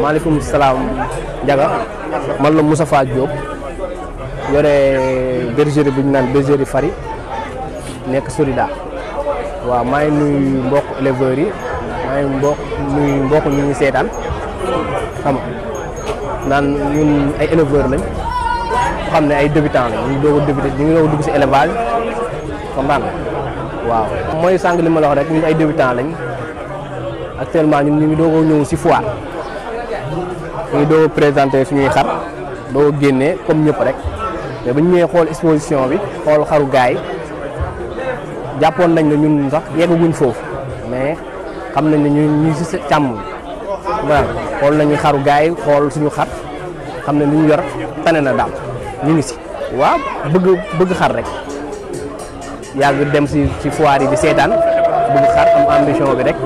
malikum salam jaga man la Moustapha Diop yore bergerie buñ ñu bergerie Fari nek Sorida wa may nuy mbokk éleveur yi may mbokk nuy mbokk ñu ngi seetaan xam naan ñun ay éleveur lañ xamné ay débutant ñu do a débuté ñu ngi doog a dugg si élevage comprendre waaw moy sang li ma la wax rek ñun ay débutant lañ actuellement ñun ñu ngi doog a ñëw si foire ñu doo présenté suñuy xar doo génnee comme ñëpp rek mais bu ñu ñëwee xool exposition bi xool xaru gaay jàppoon nañ ne ñun sax guñ foofu mais xam nañ la ñu ñu si càmm waaw xool nañu xaru gaay xool suñu xar xam ne lu ñu yor tane na daal ñu ngi si waaw bëgg bëgg xar rek yàgg dem si ci foire yi di seetaan bëgg xar am ambition bi rek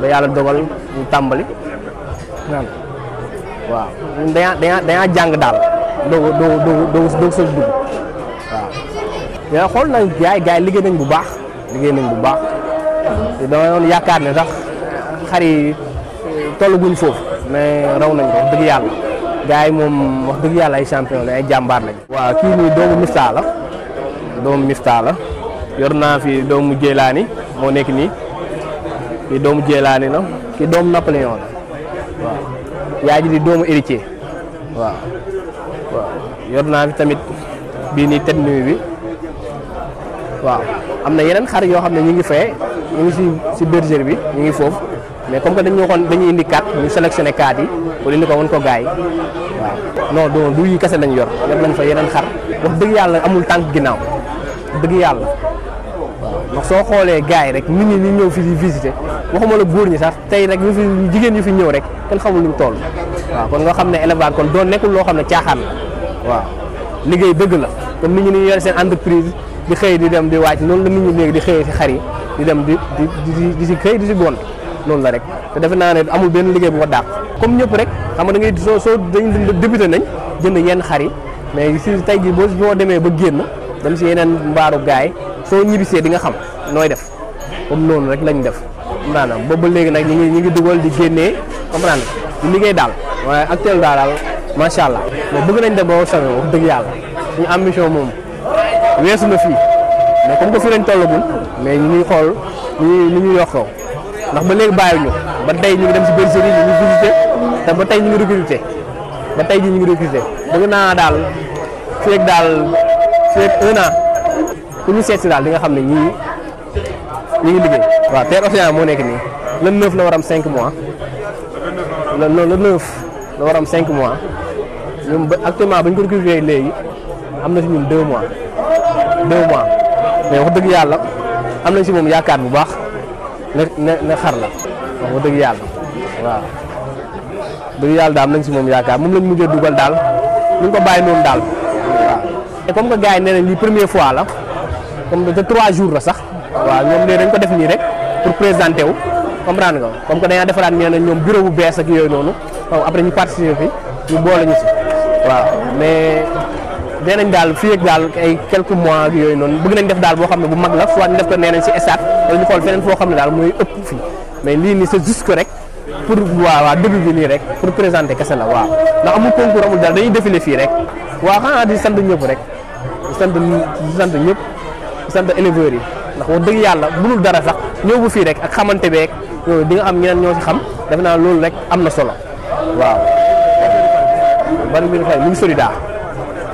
ba yàlla dogal ñu tàmbali waaw dañaa dañaa dañaa jàng daal doo doo doo doo soog dugg waaw. mais xool nañ gars yi gars yi liggéey nañ bu baax liggéey nañ bu baax te yaakaar ne sax xar yi euh, tollaguñ foofu mais raw nañ ko wax dëgg yàlla gaa yi moom wax dëgg yàlla ay champion la ay jàmbaar nañ waaw kii nii doomu Mifta la doomu Mifta la yor naa fi doomu Jéelaani moo nekk nii kii doomu Jéelaani la kii doomu Napoléon la yaa ji di doomu héritier waaw yor naa fi tamit bii nii tête nuit bi waaw am na yeneen xar yoo xam ne ñu ngi fee ñu ngi si si bergerie bi ñu ngi foofu mais comme que dañu ñu waxoon dañuy indi kaat ñu sélectionné kaat yi pour indi ko woon ko gaay waaw non non du yi kese lañ yor yor nañ fa yeneen xar wax dëgg yàlla amul tànk ginnaaw dëgg yàlla. ndax soo xoolee gars yi rek nit ñi ñu ñëw fi di visiter waxuma la góor ñi sax tey rek ñu fi jigéen ñu fi ñëw rek kenn xamul lu mu toll waaw kon nga xam ne élevage kon doon nekkul loo xam ne caaxaan la waaw liggéey dëgg la comme nit ñi ñu yore seen entreprise di xëyee di dem di wàcc noonu la nit ñi léegi di xëy si xar yi di dem di di di si xëy di si gont loolu la rek te defe naa ne amul benn liggéey bu ko dàq comme ñëpp rek xam nga da ngay soo soo dañ débuté nañ jënd yenn xar yi mais si tey jii boo boo demee ba génn dem si yeneen mbaaru gaay soo ñibbisee di nga xam nooy def comme noonu rek lañu def comprendre nga boobu ba léegi nag ñi ngi ñu ngi dugal di génnee comprendre nga di liggéey daal waaye actuel daal daal macha allah mais bëgg nañ dem ba wax dëgg yàlla suñu ambition moom weesu na fii mais comme que fi lañ mais ñu ngi xool ñu ngi ñu ngi ndax ba léegi bàyyiwuñu ba tey ñu dem si bergerie ñu ngi te ba tey ñu ngi ba tey ñu ngi recruté bëgg naa daal fii daal. c'est un an ku ñu seet si daal di nga xam ne ñii ñu ngi liggéey waa Terre Océan moo nekk nii le 9 la war cinq mois le non le 9 la war am 5 mois ba actuellement ba ñu ko cultivé léegi am na si ñun 2 mois 2 mois mais dëgg yàlla am nañ si moom yaakaar bu baax ne ne xar la wax dëgg yàlla waaw dëgg yàlla daal am nañ si moom yaakaar moom lañ mujjee dugal daal ñu ko bàyyi noonu daal. te comme que gars yi nee nañ lii première fois la comme te trois jours la sax waaw ñoom léegi dañ ko def nii rek pour présenter wu comprendre nga comme que dañaa defaraat nee nañ ñoom bureau bu bees ak yooyu noonu xaw après ñu participer fi ñu boole ñu si waaw mais nee nañ daal fii ak daal ay quelques mois ak yooyu noonu bëgg nañ def daal boo xam ne bu mag la soit ñu def ko nee nañ si stade wala ñu xool feneen foo xam ne daal mooy ëpp fii mais lii nii c'est juste que rek pour waaw bi nii rek pour présenter kese la waaw ndax amul concours amul fii rek waaw xanaa di sant sant ñëpp sant éleveurs yi ndax wax dëgg yàlla mënul dara sax ñëw bu fii rek ak xamante beeg yooyu di nga am ñeneen ñoo ci xam def naa loolu rek am na solo waaw. bari bi fay mi ngi sori daa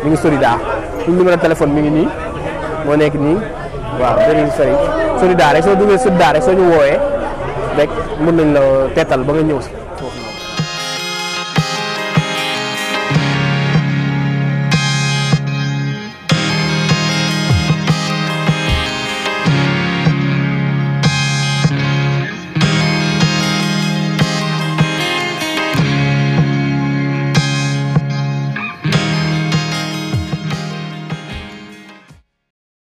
mi ngi sori daa suñu numéro téléphone mi ngi nii moo nekk nii waaw bëri sori sori daa rek soo duggee sori daa rek soo ñu woowee rek mën nañ la teetal ba nga ñëw si.